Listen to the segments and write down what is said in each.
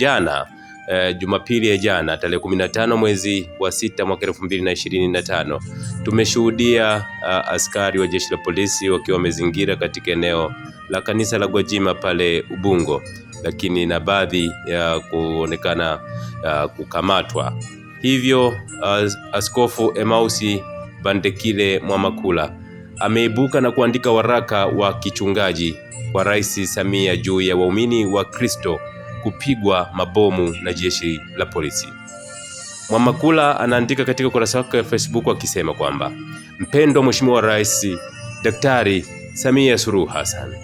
jana e, Jumapili ya jana tarehe 15 mwezi wa sita mwaka elfu mbili na ishirini na tano tumeshuhudia uh, askari wa jeshi la polisi wakiwa wamezingira katika eneo la kanisa la Gwajima pale Ubungo, lakini na baadhi ya kuonekana uh, kukamatwa. Hivyo uh, Askofu Emausi Bandekile Mwamakula ameibuka na kuandika waraka wa kichungaji kwa Rais Samia juu ya waumini wa Kristo kupigwa mabomu na jeshi la polisi. Mwamakula anaandika katika ukurasa wake wa Facebook akisema kwamba mpendwa Mheshimiwa Rais Daktari Samia Suluhu Hassan,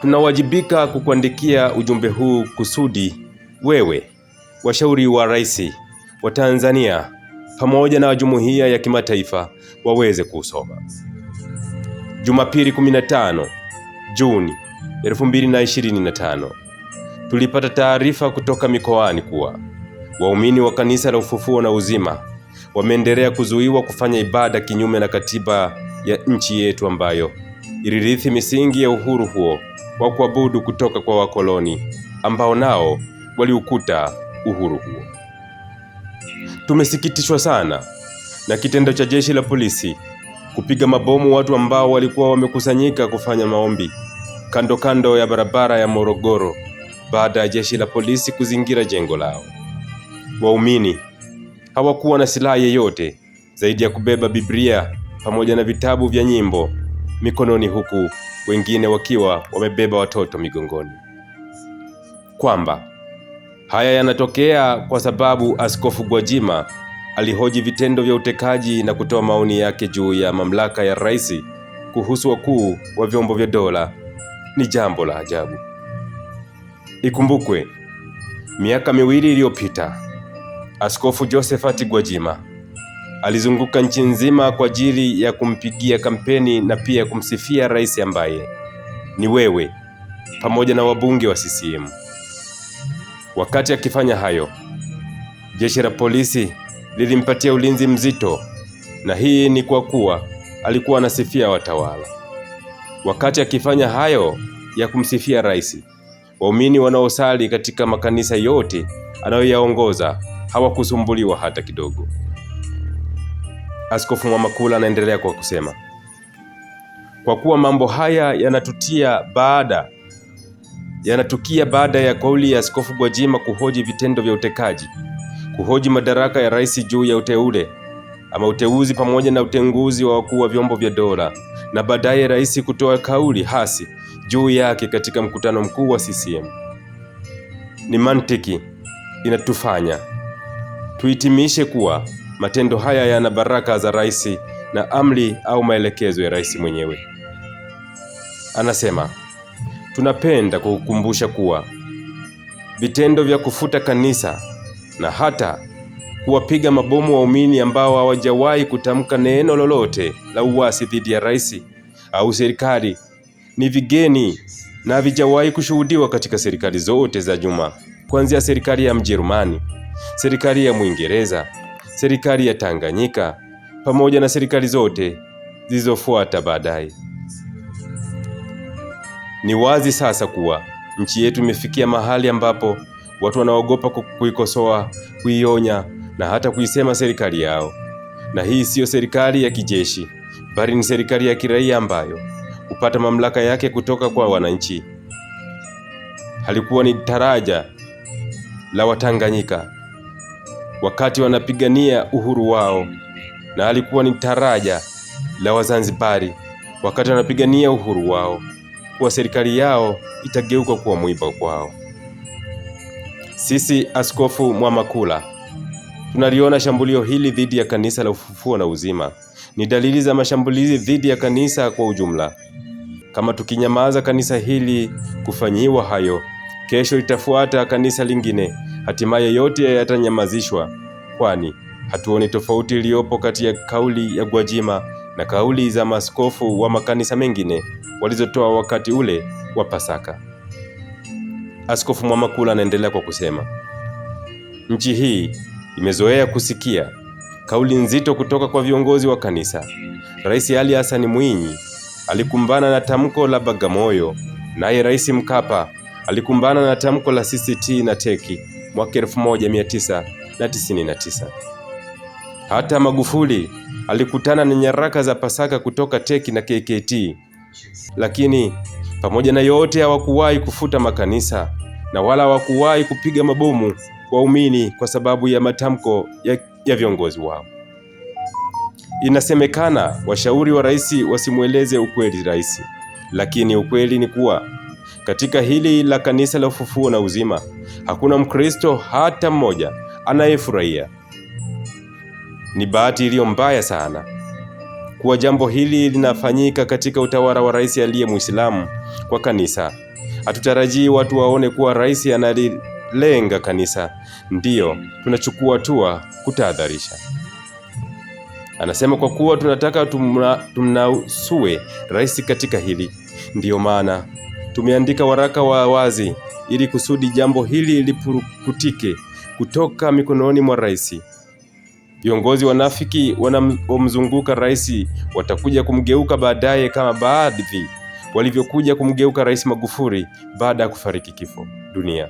tunawajibika kukuandikia ujumbe huu kusudi wewe, washauri wa rais wa Tanzania pamoja na jumuiya ya kimataifa waweze kuusoma. Jumapili 15 Juni 2025 tulipata taarifa kutoka mikoani kuwa waumini wa kanisa la Ufufuo na Uzima wameendelea kuzuiwa kufanya ibada kinyume na katiba ya nchi yetu ambayo ilirithi misingi ya uhuru huo wa kuabudu kutoka kwa wakoloni ambao nao waliukuta uhuru huo. Tumesikitishwa sana na kitendo cha jeshi la polisi kupiga mabomu watu ambao walikuwa wamekusanyika kufanya maombi kando kando ya barabara ya Morogoro baada ya jeshi la polisi kuzingira jengo lao. Waumini hawakuwa na silaha yeyote zaidi ya kubeba Biblia pamoja na vitabu vya nyimbo mikononi, huku wengine wakiwa wamebeba watoto migongoni. Kwamba haya yanatokea kwa sababu Askofu Gwajima alihoji vitendo vya utekaji na kutoa maoni yake juu ya mamlaka ya rais kuhusu wakuu wa vyombo vya dola ni jambo la ajabu. Ikumbukwe, miaka miwili iliyopita, Askofu Josephat Gwajima alizunguka nchi nzima kwa ajili ya kumpigia kampeni na pia kumsifia rais ambaye ni wewe pamoja na wabunge wa CCM. Wakati akifanya hayo, jeshi la polisi lilimpatia ulinzi mzito, na hii ni kwa kuwa alikuwa anasifia watawala. Wakati akifanya hayo ya kumsifia rais, Waumini wanaosali katika makanisa yote anayoyaongoza hawakusumbuliwa hata kidogo. Askofu Mwamakula anaendelea kwa kusema, kwa kuwa mambo haya yanatutia baada yanatukia baada ya kauli ya Askofu Gwajima kuhoji vitendo vya utekaji, kuhoji madaraka ya rais juu ya uteule ama uteuzi pamoja na utenguzi wa wakuu wa vyombo vya dola, na baadaye rais kutoa kauli hasi juu yake katika mkutano mkuu wa CCM. Ni mantiki inatufanya tuhitimishe kuwa matendo haya yana baraka za rais na amri au maelekezo ya rais mwenyewe. Anasema, tunapenda kukukumbusha kuwa vitendo vya kufuta kanisa na hata kuwapiga mabomu waumini ambao hawajawahi kutamka neno lolote la uasi dhidi ya rais au serikali ni vigeni na havijawahi kushuhudiwa katika serikali zote za Juma, kuanzia serikali ya Mjerumani, serikali ya Mwingereza, serikali ya Tanganyika pamoja na serikali zote zilizofuata baadaye. Ni wazi sasa kuwa nchi yetu imefikia mahali ambapo watu wanaogopa kuikosoa, kuionya na hata kuisema serikali yao. Na hii siyo serikali ya kijeshi, bali ni serikali ya kiraia ambayo kupata mamlaka yake kutoka kwa wananchi. Halikuwa ni taraja la Watanganyika wakati wanapigania uhuru wao, na alikuwa ni taraja la Wazanzibari wakati wanapigania uhuru wao, kuwa serikali yao itageuka kuwa mwiba kwao. Sisi Askofu Mwamakula tunaliona shambulio hili dhidi ya kanisa la Ufufuo na Uzima ni dalili za mashambulizi dhidi ya kanisa kwa ujumla. Kama tukinyamaza kanisa hili kufanyiwa hayo, kesho itafuata kanisa lingine, hatimaye yote yatanyamazishwa, kwani hatuoni tofauti iliyopo kati ya kauli ya Gwajima na kauli za maaskofu wa makanisa mengine walizotoa wakati ule wa Pasaka. Askofu Mwamakula anaendelea kwa kusema, nchi hii imezoea kusikia kauli nzito kutoka kwa viongozi wa kanisa. Rais Ali Hassan Mwinyi alikumbana na tamko la Bagamoyo, naye Rais Mkapa alikumbana na tamko la CCT na teki mwaka 1999. Hata Magufuli alikutana na nyaraka za Pasaka kutoka teki na KKT, lakini pamoja na yote hawakuwahi kufuta makanisa na wala hawakuwahi kupiga mabomu waumini kwa sababu ya matamko ya, ya viongozi wao. Inasemekana washauri wa rais wasimweleze ukweli rais, lakini ukweli ni kuwa katika hili la kanisa la ufufuo na uzima hakuna Mkristo hata mmoja anayefurahia. Ni bahati iliyo mbaya sana kuwa jambo hili linafanyika katika utawala wa rais aliye Muislamu kwa kanisa. Hatutarajii watu waone kuwa rais analilenga kanisa. Ndiyo tunachukua hatua kutahadharisha. Anasema kwa kuwa tunataka tumnasue rais katika hili, ndiyo maana tumeandika waraka wa wazi ili kusudi jambo hili lipurukutike kutoka mikononi mwa rais. Viongozi wanafiki wanaomzunguka rais watakuja kumgeuka baadaye, kama baadhi walivyokuja kumgeuka Rais Magufuli baada ya kufariki kifo dunia.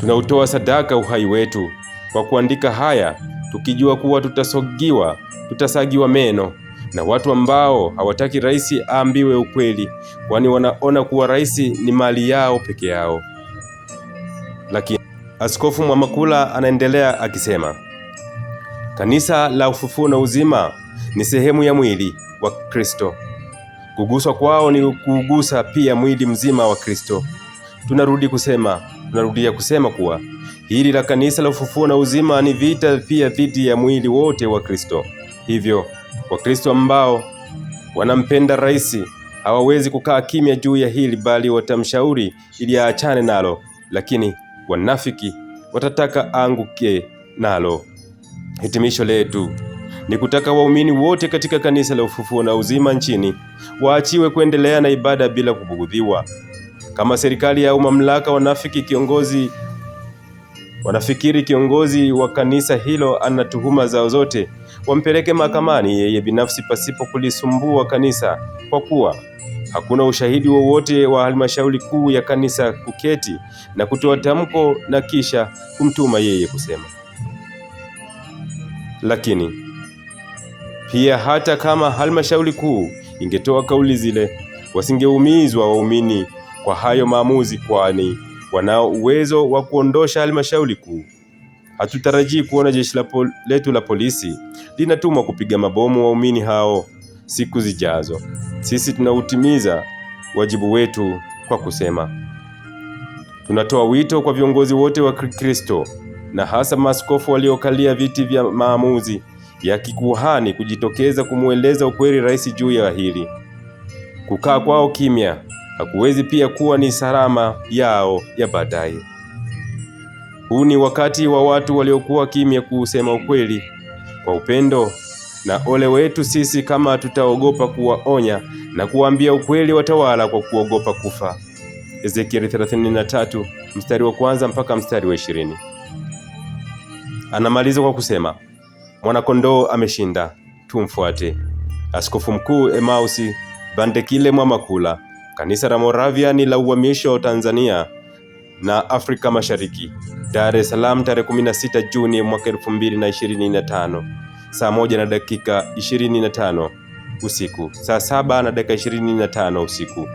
Tunautoa sadaka uhai wetu kwa kuandika haya tukijua kuwa tutasogiwa, tutasagiwa meno na watu ambao hawataki rais aambiwe ukweli, kwani wanaona kuwa rais ni mali yao peke yao. Lakini Askofu Mwamakula anaendelea akisema, kanisa la ufufuo na uzima ni sehemu ya mwili wa Kristo. Kuguswa kwao ni kuugusa pia mwili mzima wa Kristo. Tunarudi kusema, tunarudia kusema kuwa Hili la kanisa la ufufuo na uzima ni vita pia dhidi ya mwili wote wa Kristo. Hivyo Wakristo ambao wanampenda rais hawawezi kukaa kimya juu ya hili, bali watamshauri ili aachane nalo, lakini wanafiki watataka anguke nalo. Hitimisho letu ni kutaka waumini wote katika kanisa la ufufuo na uzima nchini waachiwe kuendelea na ibada bila kubugudhiwa. Kama serikali au mamlaka, wanafiki kiongozi Wanafikiri kiongozi wa kanisa hilo ana tuhuma zao zote, wampeleke mahakamani yeye binafsi pasipo kulisumbua kanisa, kwa kuwa hakuna ushahidi wowote wa, halmashauri kuu ya kanisa kuketi na kutoa tamko na kisha kumtuma yeye kusema. Lakini pia hata kama halmashauri kuu ingetoa kauli zile, wasingeumizwa waumini kwa hayo maamuzi, kwani wanao uwezo wa kuondosha halmashauri kuu. Hatutarajii kuona jeshi la letu la polisi linatumwa kupiga mabomu waumini hao siku zijazo. Sisi tunautimiza wajibu wetu kwa kusema, tunatoa wito kwa viongozi wote wa Kikristo na hasa maaskofu waliokalia viti vya maamuzi ya kikuhani kujitokeza kumweleza ukweli rais juu ya hili. Kukaa kwao kimya hakuwezi pia kuwa ni salama yao ya baadaye. Huu ni wakati wa watu waliokuwa kimya kuusema ukweli kwa upendo, na ole wetu sisi kama tutaogopa kuwaonya na kuwaambia ukweli watawala kwa kuogopa kufa. Ezekieli 33 mstari wa kwanza mpaka mstari wa ishirini. Anamaliza kwa kusema mwanakondoo ameshinda, tumfuate. Askofu Mkuu Emausi Bandekile Mwamakula Kanisa la Moravia ni la uhamisho Tanzania na Afrika Mashariki, Dar es Salaam, tarehe 16 Juni mwaka 2025 saa moja na dakika 25 usiku, saa saba na dakika 25 usiku.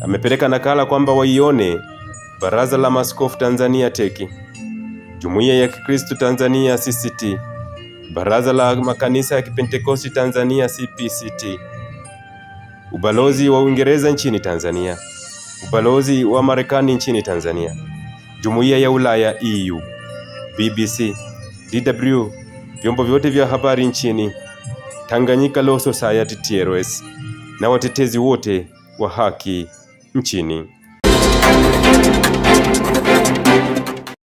Amepeleka nakala kwamba waione Baraza la Maaskofu Tanzania teki Jumuiya ya Kikristo Tanzania CCT, Baraza la Makanisa ya Kipentekosti Tanzania CPCT ubalozi wa Uingereza nchini Tanzania, ubalozi wa Marekani nchini Tanzania, Jumuiya ya Ulaya EU, BBC, DW, vyombo vyote vya habari nchini, Tanganyika Law Society TLS na watetezi wote wa haki nchini.